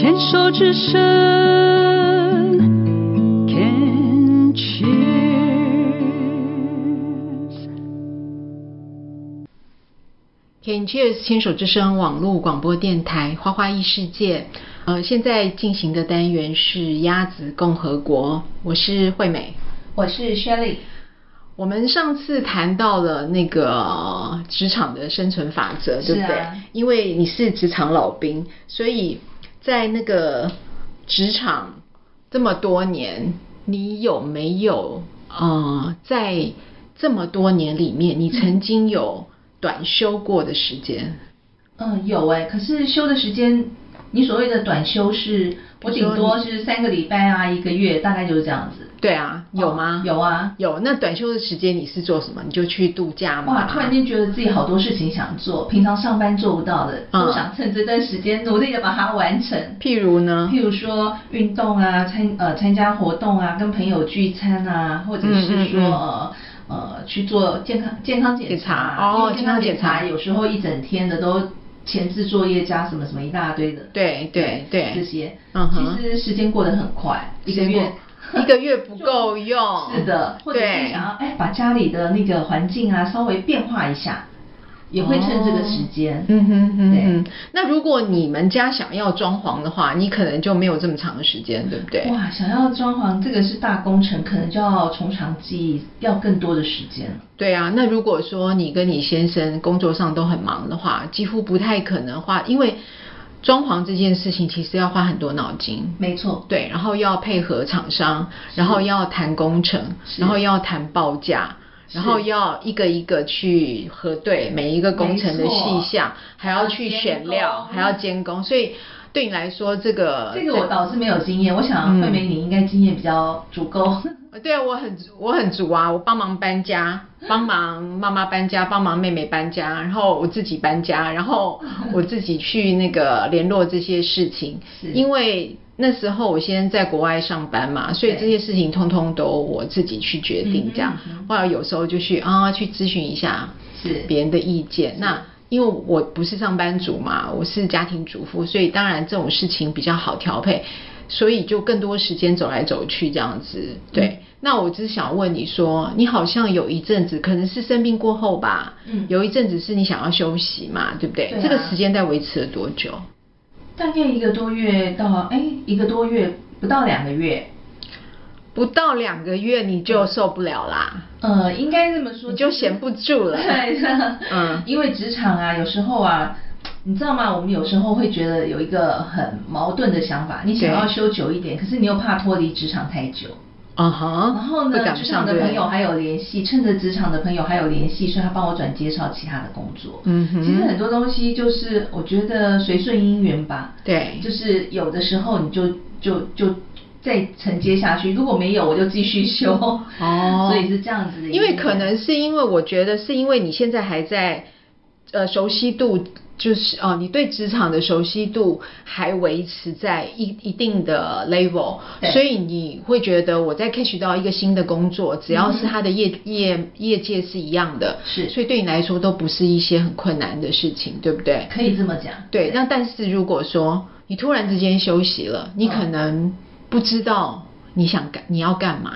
牽手之聲，Can Cheers，Can Cheers，牽手之聲網絡廣播電台，花花異世界。呃，現在進行的單元是鴨子共和國，我是惠美，我是 Shirley。我們上次談到了那個職場的生存法則，對不對？啊，因為你是職場老兵，所以。在那個職場這麼多年，你有沒有啊、嗯？在這麼多年裡面，你曾經有短休過的時間？嗯，有誒、欸，可是休的時間。你所謂的短休是我頂多是三個禮拜啊，一個月大概就是這樣子。對啊，有嗎？哦、有啊，有。那短休的時間你是做什麼？你就去度假嗎？哇，突然間覺得自己好多事情想做，平常上班做不到的，嗯、都想趁這段時間努力的把它完成。譬如呢？譬如說運動啊，參呃參加活動啊，跟朋友聚餐啊，或者是說嗯嗯嗯呃去做健康健康檢查哦，健康檢查、啊、檢查，健康檢查有時候一整天的都。前置作業加什麼什麼一大堆的，對對對，對對這些，嗯哼，其實時間過得很快，十月，一個月，呵呵一個月不夠用，是的，或者是對，想要哎，把家裡的那個環境啊稍微變化一下。也會趁這個時間，哦、嗯哼嗯哼，對嗯哼，那如果你們家想要裝潢的話，你可能就沒有這麼長的時間，對不對？哇，想要裝潢這個是大工程，可能就要從長計議，要更多的時間。對啊，那如果說你跟你先生工作上都很忙的話，幾乎不太可能花，因為裝潢這件事情其實要花很多腦筋，沒錯，對，然後要配合廠商，是然後要談工程，是然後要談報價。然後要一個一個去核對每一個工程的細項，沒錯，還要去選料，還要監工，監工，嗯，所以對你來說，這個這個我倒是沒有經驗。嗯，我想惠梅，你應該經驗比較足夠。呃，對，我很我很足啊，我幫忙搬家，幫忙媽媽搬家，幫忙妹妹搬家，然後我自己搬家，然後我自己去那個聯絡這些事情，是因為那時候我先生在國外上班嘛，對所以這些事情通通都我自己去決定這樣，或者、嗯嗯嗯、有時候就去啊去諮詢一下是別人的意見。是那因為我不是上班族嘛，嗯、我是家庭主婦，所以當然這種事情比較好調配。所以就更多時間走來走去這樣子，對。嗯、那我只想問你說，你好像有一陣子，可能是生病過後吧，嗯，有一陣子是你想要休息嘛，對不對？對啊、這個時間在維持了多久？大概一個多月到哎、欸、一個多月不到兩個月，不到兩個月你就受不了啦？嗯、呃，應該這麼說，你就閒不住了。對的，嗯，因為職場啊，有時候啊。你知道嗎？我們有時候會覺得有一個很矛盾的想法，你想要休久一點，對可是你又怕脫離職場太久。啊哈、uh，huh, 然後呢，職感場的朋友還有聯繫，對趁着職場的朋友還有聯繫，所以他幫我轉介紹其他的工作。嗯哼，其實很多東西就是，我覺得隨順因緣吧。對，就是有的時候你就就就再承接下去，如果沒有，我就繼續休。哦、uh，huh、所以是這樣子的，因為可能是因為我覺得是因為你現在還在呃熟悉度。就是哦，你對職場的熟悉度還維持在一一定的 level，對所以你會覺得我在 catch 到一個新的工作，只要是它的業、嗯、業業界是一樣的，是，所以對你來說都不是一些很困難的事情，對不對？可以這麼講。對，對那但是如果說你突然之間休息了，你可能不知道你想幹你要幹嘛，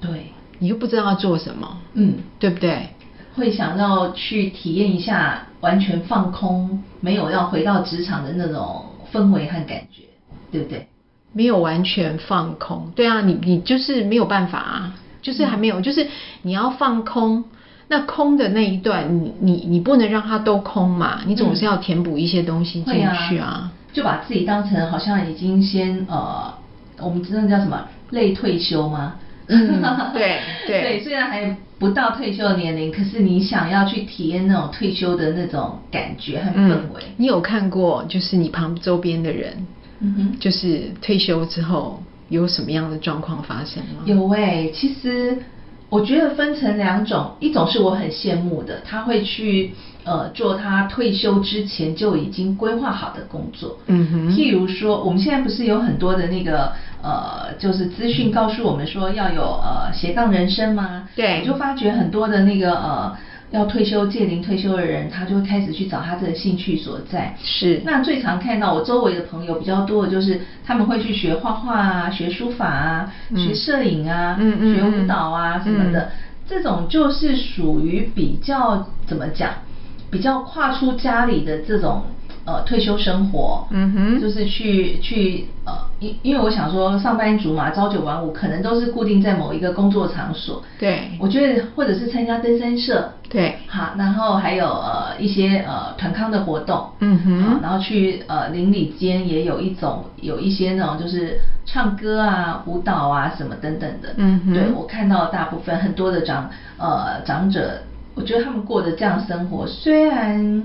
對，你又不知道要做什麼，對嗯，對不對？會想要去體驗一下完全放空，沒有要回到職場的那種氛圍和感覺，對不對？沒有完全放空，對啊，你你就是沒有辦法啊，就是還沒有，嗯、就是你要放空，那空的那一段你，你你你不能讓它都空嘛，你總是要填補一些東西進去啊，、嗯、啊。就把自己當成好像已經先呃，我們知道那叫什麼類退休嗎？嗯、對對， 對，雖然還。不到退休的年齡，可是你想要去體驗那種退休的那種感覺和氛圍。你有看過，就是你旁周邊的人，嗯哼，就是退休之後有什麼樣的狀況發生嗎？有欸，其實我覺得分成兩種，一種是我很羨慕的，他會去呃做他退休之前就已經規劃好的工作，嗯哼，譬如說我們現在不是有很多的那個。呃，就是資訊告訴我們說要有呃斜槓人生嘛，對，我就發覺很多的那個呃要退休、屆齡退休的人，他就會開始去找他這個興趣所在。是。那最常看到我周圍的朋友比較多的就是他們會去學畫畫啊、學書法啊、嗯、學攝影啊、嗯嗯、學舞蹈啊、嗯、什麼的，嗯、這種就是屬於比較怎麼講，比較跨出家裡的這種。呃，退休生活，嗯哼，就是去去呃，因因為我想說，上班族嘛，朝九晚五，可能都是固定在某一個工作場所，對，我覺得或者是參加登山社，對，好，然後還有呃一些呃團康的活動，嗯哼，好，然後去呃鄰里間，也有一種有一些那種就是唱歌啊、舞蹈啊什麼等等的，嗯哼，對，我看到大部分很多的長呃長者，我覺得他們過的這樣生活，雖然。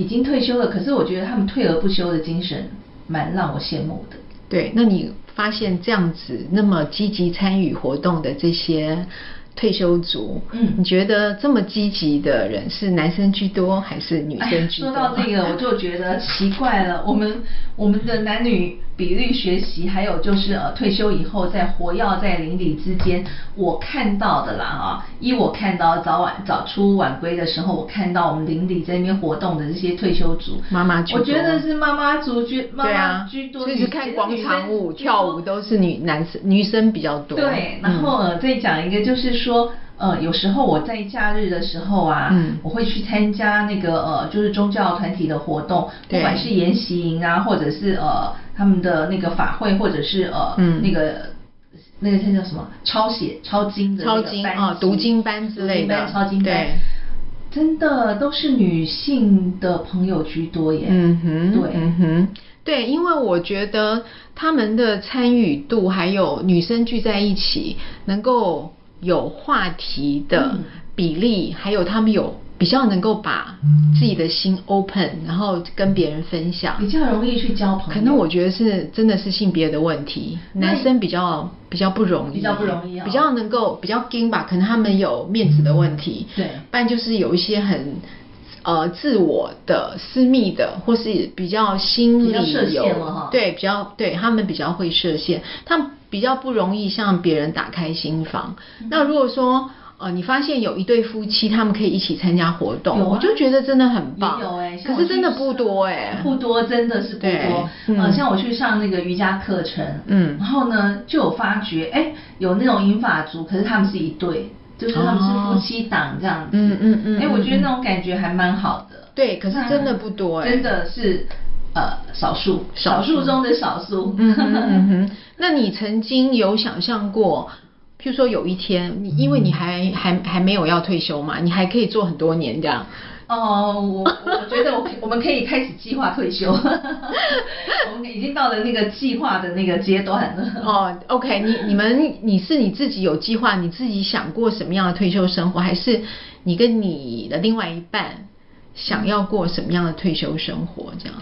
已經退休了，可是我覺得他們退而不休的精神蠻讓我羨慕的。對，那你發現這樣子那麼積極參與活動的這些退休族，嗯，你覺得這麼積極的人是男生居多還是女生居多？哎，說到這個，我就覺得奇怪了，我們我們的男女。比例學習，還有就是呃，退休以後再活躍在鄰里之間，我看到的啦啊，依我看到早晚早出晚歸的時候，我看到我們鄰里在那邊活動的這些退休族，媽媽，我覺得是媽媽族媽媽居，對啊，居多。其實看廣場舞人跳舞都是女男生女生比較多。對，然後、嗯、再講一個就是說，呃，有時候我在假日的時候啊，嗯、我會去參加那個呃，就是宗教團體的活動，對不管是研習營啊，或者是呃。他們的那個法會，或者是呃、嗯那個、那個那個叫叫什麼，抄寫抄經的抄經班，哦，讀經班之類的，抄經班，班，對，真的都是女性的朋友居多耶。嗯哼，對，嗯哼，對，因為我覺得他們的參與度，還有女生聚在一起，能夠。有話題的比例，嗯、還有他們有比較能夠把自己的心 open、嗯、然後跟別人分享，比較容易去交朋友。可能我覺得是真的是性別的問題，那男生比較比較不容易，比較不容易啊、哦，比較能夠比較硬吧。可能他們有面子的問題，嗯、對，但就是有一些很呃，自我的私密的，或是比較心理有對比較對，比較對他們比較會設限，他們比較不容易向別人打開心房。嗯、哼那如果說呃，你發現有一對夫妻，他們可以一起參加活動，啊、我就覺得真的很棒。有、欸、可是真的不多哎、欸，不多真的是不多。嗯、呃。像我去上那個瑜伽課程，嗯，然後呢就有發覺，哎、欸，有那種銀髮族，可是他們是一對。就是他們是夫妻檔這樣子，嗯嗯、哦、嗯，哎、嗯嗯嗯欸，我覺得那種感覺還蠻好的。對，可是真的不多，欸，真的是，呃，少數，少數中的少數少數。嗯。嗯嗯嗯，嗯，那你曾經有想象過，譬如說有一天，你因為你還還還沒有要退休嘛，你還可以做很多年這樣。哦，我我覺得我我們可以開始計劃退休， 我們已經到了那個計劃的那個階段了。哦，oh, OK，你你們你是你自己有計劃，你自己想過什麼樣的退休生活，還是你跟你的另外一半？想要過什麼樣的退休生活？這樣。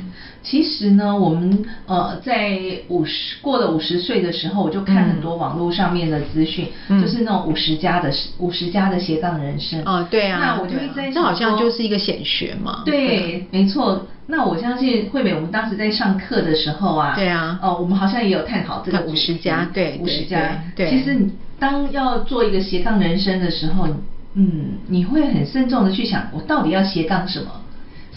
其實呢，我們呃，在五十過了五十歲的時候，我就看很多網絡上面的資訊，嗯、就是那種五十加的五十加的斜槓人生哦。對啊，對啊，那我覺得這好像就是一個顯學嘛。對，對啊、沒錯。那我相信惠美，我們當時在上課的時候啊，對啊，哦、呃，我們好像也有探討這個五十加，對，五十加，對對，其實你當要做一個斜槓人生的時候。嗯，你會很慎重的去想，我到底要斜槓什麼？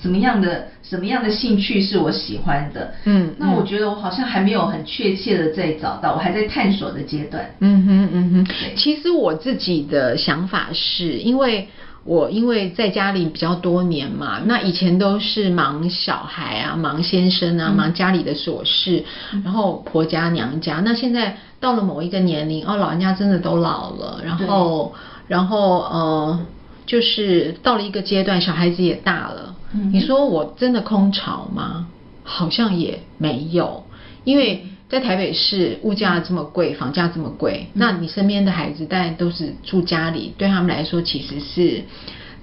什麼樣的什麼樣的興趣是我喜歡的？嗯，那我覺得我好像還沒有很確切的再找到，我還在探索的階段。嗯哼嗯哼，嗯哼對其實我自己的想法是，因為我因為在家裡比較多年嘛，那以前都是忙小孩啊，忙先生啊，嗯、忙家裡的瑣事，嗯、然後婆家娘家。那現在到了某一個年齡，哦，老人家真的都老了，然後，然後呃，就是到了一個階段，小孩子也大了。嗯哼，你說我真的空巢嗎？好像也沒有，因為在台北市物價這麼貴，房價這麼貴，嗯、那你身邊的孩子當然都是住家裡，對他們來說其實是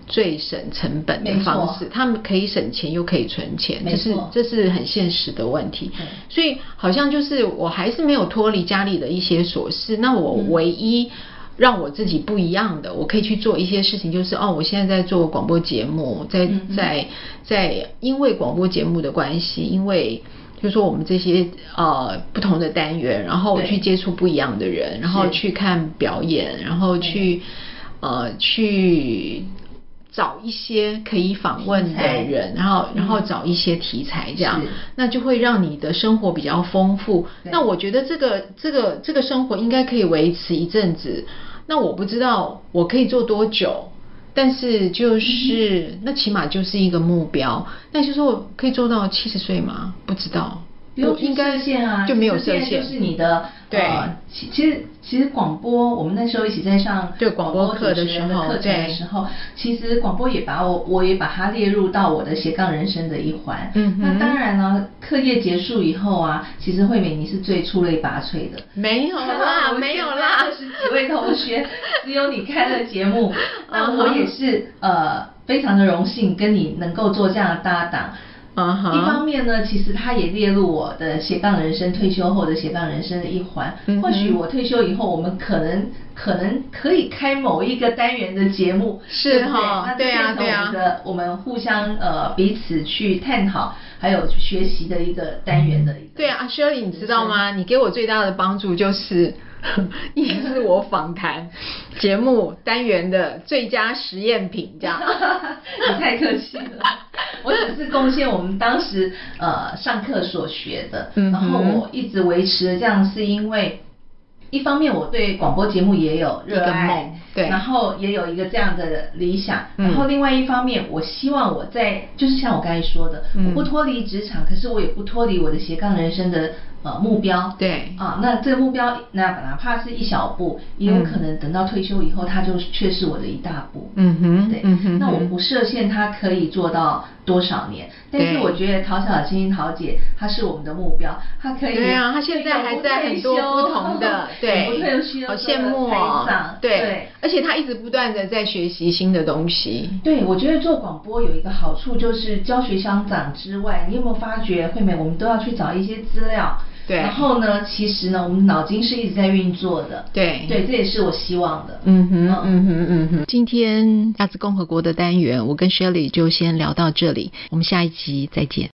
最省成本的方式。錯他們可以省錢又可以存錢，錯這是這是很現實的問題。嗯、所以好像就是我還是沒有脫離家裡的一些瑣事。那我唯一、嗯。讓我自己不一樣的，我可以去做一些事情，就是哦，我現在在做廣播節目，在在、嗯、哼在，在因為廣播節目的關係，因為就說我們這些呃不同的單元，然後我去接觸不一樣的人，對然後去看表演，是然後去對呃去找一些可以訪問的人，對然後然後找一些題材這樣，嗯、那就會讓你的生活比較豐富。對那我覺得這個這個這個生活應該可以維持一陣子。那我不知道我可以做多久，但是就是、嗯、那起碼就是一個目標。那就是說我可以做到七十歲嗎？不知道。有有射線啊，就沒有線。現在就是你的，對。其實其實廣播，我們那時候一起在上對廣播課的時候，課程的時候，其實廣播也把我我也把它列入到我的斜槓人生的一環。嗯。那當然了，課業結束以後啊，其實惠美你是最出類拔萃的。沒有啦，沒有啦，二十幾位同學，只有你開了節目。那我也是呃，非常的榮幸跟你能夠做這樣的搭檔。Uh huh. 一方面呢，其實它也列入我的斜槓人生退休後的斜槓人生的一環。嗯、哼或許我退休以後，我們可能可能可以開某一個單元的節目，是哦、對不對？那從我們的、對啊、對啊、我們互相呃彼此去探討，還有學習的一個單元的對啊，Shirley，你知道嗎？是你給我最大的幫助就是 也是我訪談。節目單元的最佳實驗品，這樣你 太客氣了。 我只是貢獻我們當時呃上課所學的，嗯、哼然後我一直維持這樣，是因為一方面我對廣播節目也有熱愛，對，Right. 然後也有一個這樣的理想，對然後另外一方面我希望我在就是像我剛才說的，嗯、我不脫離職場，可是我也不脫離我的斜槓人生的。呃、嗯，目標對啊，那這個目標，那哪怕是一小步，也有可能等到退休以後，它就卻是我的一大步。嗯哼，對，嗯哼，哼，那我不設限，它可以做到多少年？但是我覺得陶晶瑩陶姐她是我們的目標，她可以對呀、啊、她現在還在很多不同的對，對，好羨慕、哦、對，對，而且她一直不斷的在學習新的東西。對，我覺得做廣播有一個好處就是教學相長之外，你有沒有發覺惠美，我們都要去找一些資料。對啊，然後呢，其實呢，我們腦筋是一直在運作的。對，對，這也是我希望的。嗯哼，嗯，嗯哼，嗯哼，嗯哼，嗯。今天鴨子共和國的單元，我跟 Shirley 就先聊到這裡，我們下一集再見。